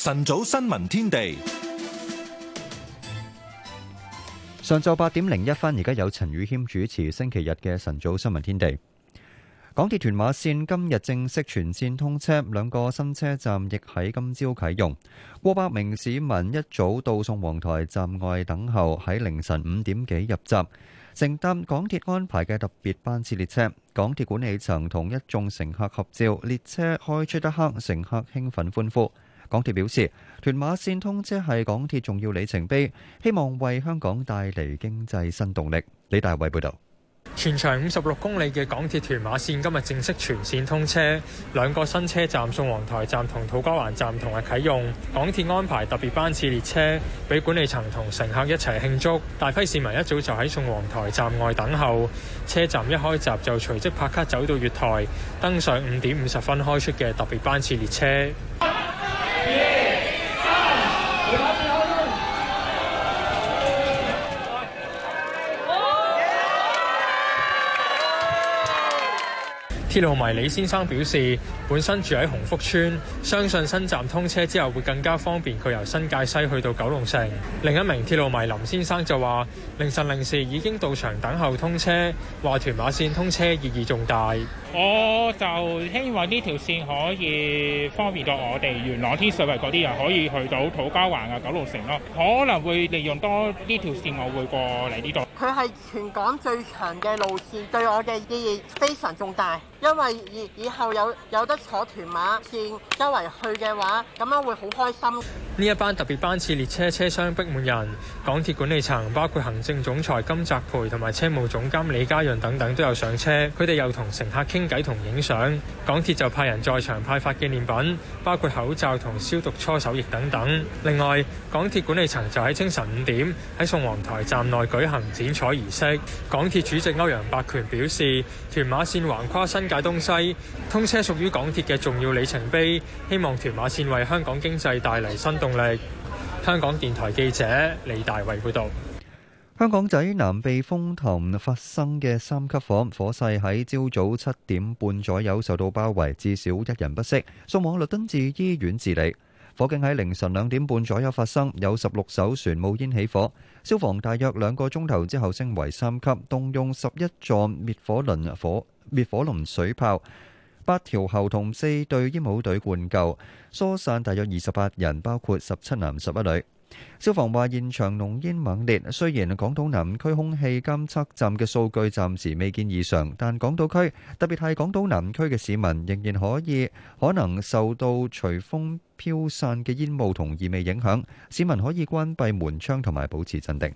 晨早新聞天地，上晝八點零一分，而家有陳宇謙主持星期日嘅晨早新聞天地。港鐵屯馬綫今日正式全綫通車，兩個新車站亦喺今朝啟用。過百名市民一早到宋皇台站外等候，喺凌晨五點幾入閘，乘搭港鐵安排嘅特別班次列車。港鐵管理層同一眾乘客合照，列車開出一刻，乘客興奮歡呼。港鐵表示，屯馬線通車係港鐵重要里程碑，希望為香港帶嚟經濟新動力。李大衛報導，全長五十六公里嘅港鐵屯馬線今日正式全線通車，兩個新車站——宋皇台站同土瓜灣站，同日啟用。港鐵安排特別班次列車，俾管理層同乘客一齊慶祝。大批市民一早就喺宋皇台站外等候，車站一開閘就隨即拍卡走到月台，登上五點五十分開出嘅特別班次列車。鐵路迷李先生表示，本身住喺洪福村，相信新站通車之後會更加方便佢由新界西去到九龍城。另一名鐵路迷林先生就話：凌晨零時已經到場等候通車，話屯馬線通車意義重大。我就希望呢條線可以方便到我哋元朗天水圍嗰啲人，可以去到土瓜灣啊、九龍城咯，可能會利用多呢條線，我會過嚟呢度。佢係全港最長嘅路線，對我嘅意義非常重大，因為以以後有有得坐屯馬線周圍去嘅話，咁樣會好開心。呢一班特別班次列車車廂逼滿人，港鐵管理層包括行政總裁金澤培同埋車務總監李嘉潤等等都有上車，佢哋又同乘客傾。傾偈同影相，港鐵就派人在場派發紀念品，包括口罩同消毒搓手液等等。另外，港鐵管理層就喺清晨五點喺宋皇台站內舉行剪彩儀式。港鐵主席歐陽伯權表示，屯馬線橫跨新界東西，通車屬於港鐵嘅重要里程碑，希望屯馬線為香港經濟帶嚟新動力。香港電台記者李大衛報道。香港仔南避風塘發生嘅三級火，火勢喺朝早七點半左右受到包圍，至少一人不適，送往律敦治醫院治理。火警喺凌晨兩點半左右發生，有十六艘船冒煙起火，消防大約兩個鐘頭之後升為三級，動用十一座滅火輪火滅火龍水炮，八條喉同四隊煙帽隊灌救，疏散大約二十八人，包括十七男十一女。消防話現場濃煙猛烈，雖然港島南區空氣監測站嘅數據暫時未見異常，但港島區，特別係港島南區嘅市民仍然可以可能受到隨風飄散嘅煙霧同異味影響，市民可以關閉門窗同埋保持鎮定。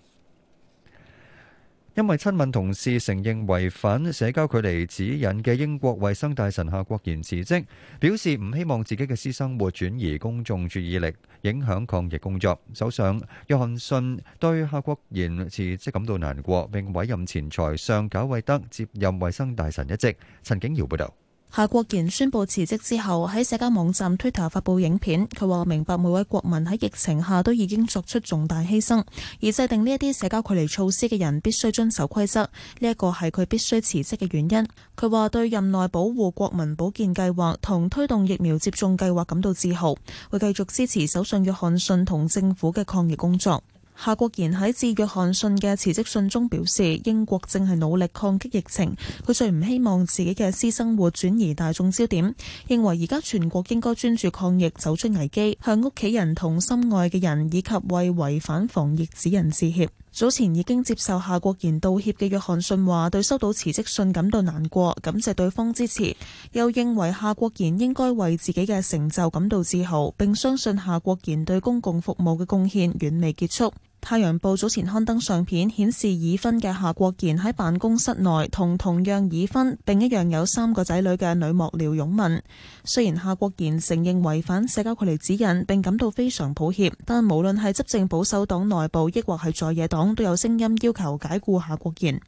因為親吻同事承認違反社交距離指引嘅英國衛生大臣夏國賢辭職，表示唔希望自己嘅私生活轉移公眾注意力，影響抗疫工作。首相約翰遜對夏國賢辭職感到難過，並委任前財相賈偉德接任衛生大臣一職。陳景堯報道。夏國賢宣布辭職之後，喺社交網站 Twitter 發布影片，佢話明白每位國民喺疫情下都已經作出重大犧牲，而制定呢一啲社交距離措施嘅人必須遵守規則，呢一個係佢必須辭職嘅原因。佢話對任內保護國民保健計劃同推動疫苗接種計劃感到自豪，會繼續支持首相約翰遜同政府嘅抗疫工作。夏國賢喺致約翰遜嘅辭職信中表示，英國正係努力抗擊疫情。佢最唔希望自己嘅私生活轉移大眾焦點，認為而家全國應該專注抗疫，走出危機，向屋企人同心愛嘅人以及為違反防疫指引致歉。早前已經接受夏國賢道歉嘅約翰遜話，對收到辭職信感到難過，感謝對方支持，又認為夏國賢應該為自己嘅成就感到自豪，並相信夏國賢對公共服務嘅貢獻遠未結束。《太陽報》早前刊登相片，顯示已婚嘅夏國賢喺辦公室內同同樣已婚並一樣有三個仔女嘅女模廖勇雯。雖然夏國賢承認違反社交距離指引，並感到非常抱歉，但無論係執政保守黨內部，抑或係在野黨，都有聲音要求解僱夏國賢。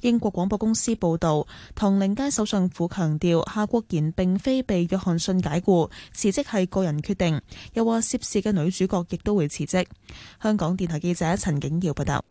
英國廣播公司報道，唐寧街首相府強調，夏國賢並非被約翰遜解僱，辭職係個人決定。又話涉事嘅女主角亦都會辭職。香港電台記者陳景耀報道，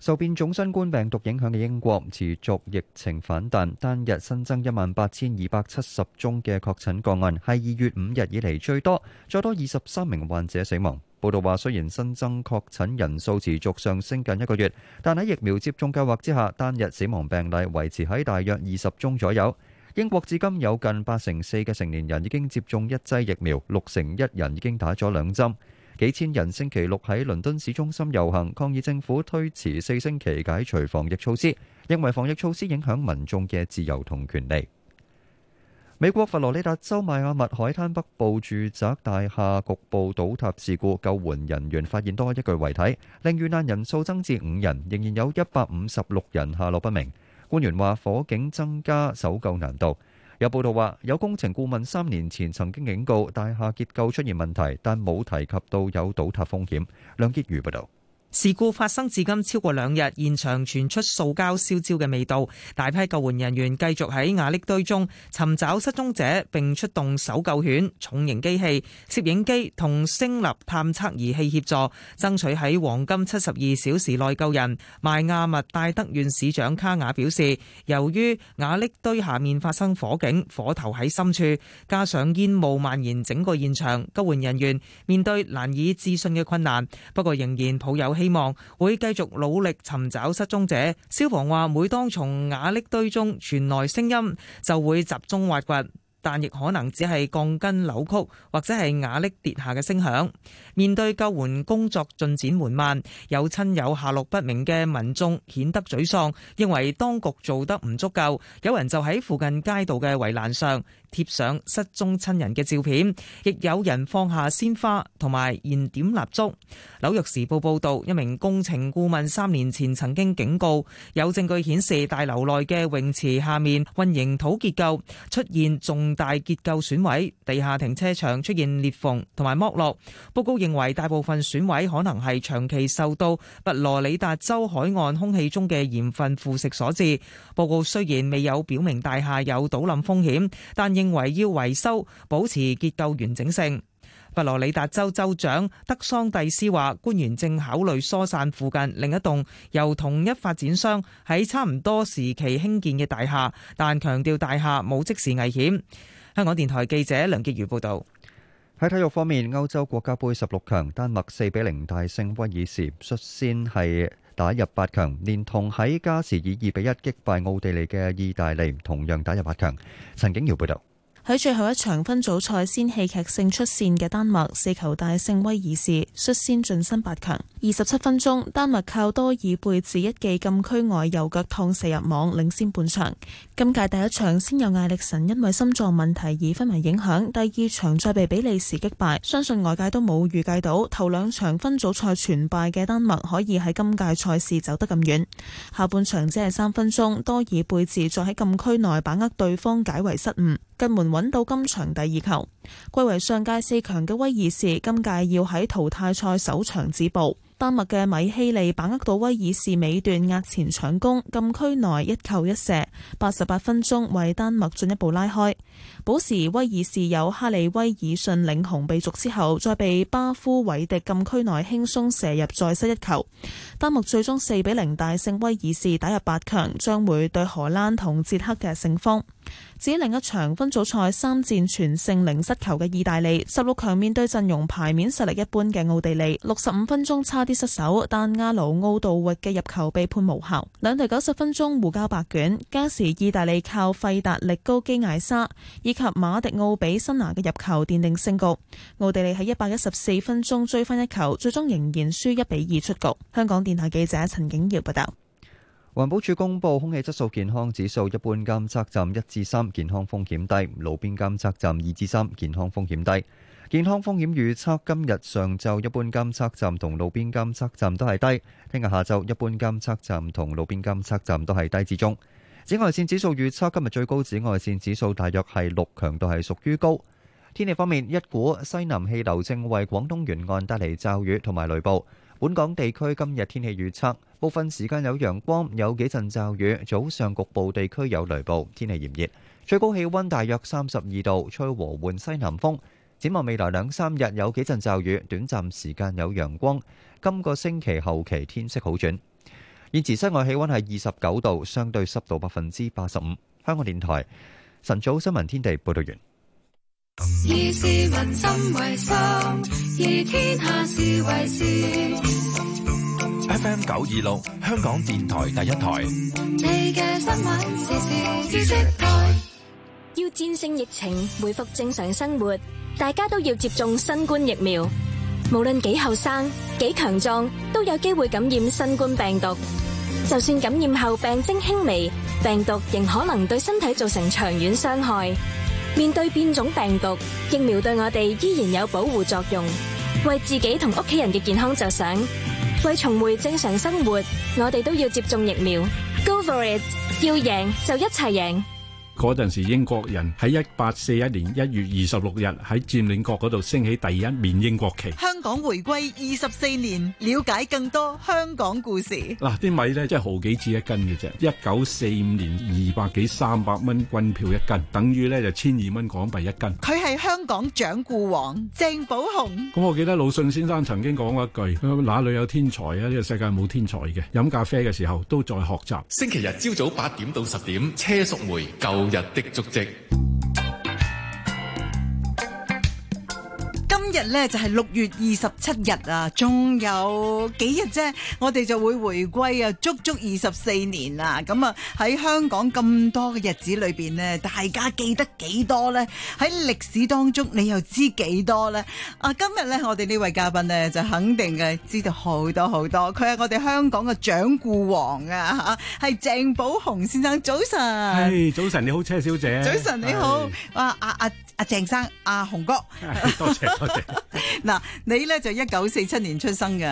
受變種新冠病毒影響嘅英國持續疫情反彈，單日新增一萬八千二百七十宗嘅確診個案，係二月五日以嚟最多，再多二十三名患者死亡。報道話，雖然新增確診人數持續上升近一個月，但喺疫苗接種計劃之下，單日死亡病例維持喺大約二十宗左右。英國至今有近八成四嘅成年人已經接種一劑疫苗，六成一人已經打咗兩針。幾千人星期六喺倫敦市中心遊行，抗議政府推遲四星期解除防疫措施，認為防疫措施影響民眾嘅自由同權利。美國佛羅里達州邁阿密海灘北部住宅大廈局部倒塌事故，救援人員發現多一具遺體，令遇難人數增至五人，仍然有一百五十六人下落不明。官員話，火警增加搜救難度。有報道話，有工程顧問三年前曾經警告大廈結構出現問題，但冇提及到有倒塌風險。梁潔如報道。事故發生至今超過兩日，現場傳出塑膠燒焦嘅味道，大批救援人員繼續喺瓦礫堆中尋找失蹤者，並出動搜救犬、重型機器、攝影機同聲納探測儀器協助，爭取喺黃金七十二小時內救人。麥亞密戴德縣市長卡雅表示，由於瓦礫堆下面發生火警，火頭喺深處，加上煙霧蔓延整個現場，救援人員面對難以置信嘅困難，不過仍然抱有希。希望會繼續努力尋找失蹤者。消防話，每當從瓦礫堆中傳來聲音，就會集中挖掘。但亦可能只係鋼筋扭曲或者係瓦礫跌下嘅聲響。面對救援工作進展緩慢，有親友下落不明嘅民眾，顯得沮喪，認為當局做得唔足夠。有人就喺附近街道嘅圍欄上貼上失蹤親人嘅照片，亦有人放下鮮花同埋燃點蠟燭。紐約時報報導，一名工程顧問三年前曾經警告，有證據顯示大樓內嘅泳池下面混凝土結構出現重。大結構損毀，地下停車場出現裂縫同埋剝落。報告認為大部分損毀可能係長期受到佛羅里達州海岸空氣中嘅鹽分腐蝕所致。報告雖然未有表明大廈有倒冧風險，但認為要維修保持結構完整性。佛羅里達州州長德桑蒂斯話，官員正考慮疏散附近另一棟由同一發展商喺差唔多時期興建嘅大廈，但強調大廈冇即時危險。香港電台記者梁潔如報道。喺體育方面，歐洲國家盃十六強，丹麥四比零大勝威爾士，率先係打入八強，連同喺加時以二比一擊敗奧地利嘅意大利，同樣打入八強。陳景堯報道。喺最後一場分組賽，先戲劇性出線嘅丹麥四球大勝威爾士，率先晉身八強。二十七分鐘，丹麥靠多爾貝治一記禁區外右腳痛射入網，領先半場。今屆第一場先有艾力神因為心臟問題而昏迷影響，第二場再被比利時擊敗。相信外界都冇預計到頭兩場分組賽全敗嘅丹麥可以喺今屆賽事走得咁遠。下半場只係三分鐘，多爾貝治再喺禁區內把握對方解圍失誤。近門揾到今場第二球，貴為上屆四強嘅威爾士今屆要喺淘汰賽首場止步。丹麥嘅米希利把握到威爾士尾段壓前搶攻，禁區內一球一射，八十八分鐘為丹麥進一步拉開。補時威爾士有哈利威爾遜領，領紅被逐之後，再被巴夫維迪禁區內輕鬆射入再失一球。丹麥最終四比零大勝威爾士打入八強，將會對荷蘭同捷克嘅勝方。至於另一場分組賽三戰全勝零失球嘅意大利，十六強面對陣容排面實力一般嘅奧地利，六十五分鐘差啲失手，但阿魯奧杜域嘅入球被判無效。兩隊九十分鐘互交白卷，加時意大利靠費達力高基艾沙以及馬迪奧比辛拿嘅入球奠定勝局。奧地利喺一百一十四分鐘追翻一球，最終仍然輸一比二出局。香港電台記者陳景耀報道。環保署公布空氣質素健康指數，一般監測站一至三，3, 健康風險低；路邊監測站二至三，3, 健康風險低。健康風險預測今日上晝一般監測站同路邊監測站都係低，聽日下晝一般監測站同路邊監測站都係低至中。紫外線指數預測今日最高紫外線指數大約係六，強度係屬於高。天氣方面，一股西南氣流正為廣東沿岸帶嚟驟雨同埋雷暴。本港地區今日天氣預測，部分時間有陽光，有幾陣驟雨，早上局部地區有雷暴，天氣炎熱，最高氣溫大約三十二度，吹和緩西南風。展望未來兩三日有幾陣驟雨，短暫時間有陽光。今個星期後期天色好轉。現時室外氣溫係二十九度，相對濕度百分之八十五。香港電台晨早新聞天地，報道完。以市民心為心，以天下事為事。m 九二六香港電台第一台。要戰勝疫情，回復正常生活，大家都要接種新冠疫苗。無論幾後生、幾強壯，都有機會感染新冠病毒。就算感染後病徵輕微，病毒仍可能對身體造成長遠傷害。面對變種病毒，疫苗對我哋依然有保護作用。為自己同屋企人嘅健康着想。為重回正常生活，我哋都要接種疫苗。Go for it！要贏就一齊贏。嗰陣時英國人喺一八四一年一月二十六日喺佔領國嗰度升起第一面英國旗。香港回歸二十四年，了解更多香港故事。嗱啲、啊、米咧真係好幾錢一斤嘅啫，一九四五年二百幾三百蚊軍票一斤，等於咧就千二蚊港幣一斤。佢係香港掌故王鄭寶鴻。咁、啊、我記得魯迅先生曾經講過一句：啊、哪裡有天才啊？呢、這個世界冇天才嘅。飲咖啡嘅時候都在學習。星期日朝早八點到十點，車淑梅舊。 舊日的足迹。今日咧就係六月二十七日啊，仲有幾日啫？我哋就會回歸啊，足足二十四年啦。咁啊喺香港咁多嘅日子裏邊呢，大家記得幾多呢？喺歷史當中，你又知幾多呢？啊，今日呢，我哋呢位嘉賓呢，就肯定嘅知道好多好多。佢係我哋香港嘅掌故王啊，係鄭寶雄先生。早晨，唉，hey，早晨你好，車小姐。早晨你好，哇啊 Hey. 啊！啊阿鄭、啊、生，阿、啊、洪哥，多 謝多謝。嗱， 你咧就一九四七年出生噶，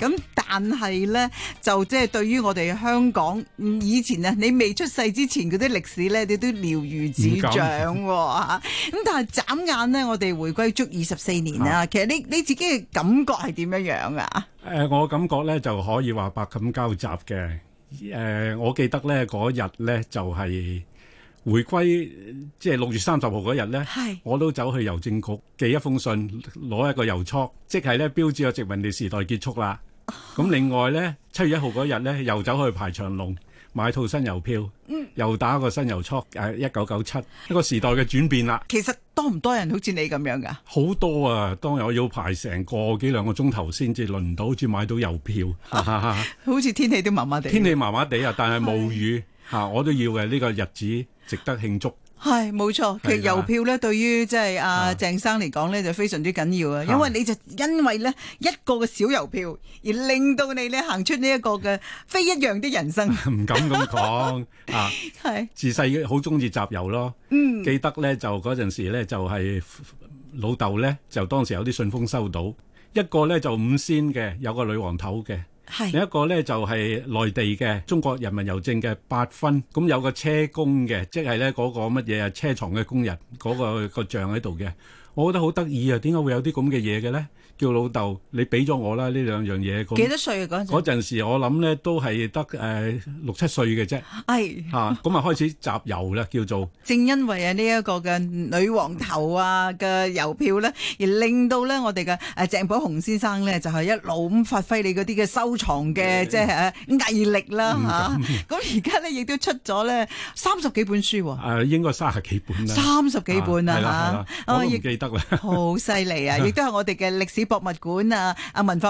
咁、啊、但係咧就即係對於我哋香港以前咧，你未出世之前嗰啲歷史咧，你都了如指掌。咁不敢、 哦、但係眨眼咧，我哋回歸足二十四年啦。啊、其實你你自己嘅感覺係點樣樣啊？誒，我感覺咧就可以話百感交集嘅。誒、啊，我記得咧嗰日咧就係、是就是。回歸即係六月三十號嗰日咧，是我都走去郵政局寄一封信，攞一個郵戳，即係咧標誌個殖民地時代結束啦。咁、啊、另外咧，七月一號嗰日咧，又走去排長龍買套新郵票，嗯、又打個新郵戳，誒、啊，一九九七一個時代嘅轉變啦。其實多唔多人好似你咁樣噶、啊？好多啊！當日我要排成個幾兩個鐘頭先至輪到，好似買到郵票，哈哈哈、啊。好似天氣都麻麻地，天氣麻麻地啊，但係冇雨。啊！我都要嘅呢個日子值得慶祝。係冇錯，的其實郵票呢，對於即係阿鄭生嚟講呢，就非常之緊要啊！因為你就因為呢一個嘅小郵票而令到你呢行出呢一個嘅非一樣的人生。唔敢咁講啊！係自細好中意集郵咯。嗯，記得呢，就嗰陣時呢，就係老豆呢，就當時有啲信封收到一個呢就五仙嘅，有個女王頭嘅。係，另一個咧就係內地嘅中國人民郵政嘅八分，咁有個車工嘅，即係咧嗰個乜嘢啊，車床嘅工人嗰個個像喺度嘅，我覺得好得意啊！點解會有啲咁嘅嘢嘅咧？叫老豆，你俾咗我啦呢兩樣嘢。幾多歲啊？嗰陣嗰陣時，我諗咧都係得誒六七歲嘅啫。係嚇，咁啊開始集郵啦，叫做。正因為啊呢一個嘅女王頭啊嘅郵票咧，而令到咧我哋嘅誒鄭寶雄先生咧就係一路咁發揮你嗰啲嘅收藏嘅即係誒毅力啦嚇。咁而家咧亦都出咗咧三十幾本書喎。誒應該三十幾本啦。三十幾本啊嚇，我唔記得啦。好犀利啊！亦都係我哋嘅歷史。博物館啊，啊文化。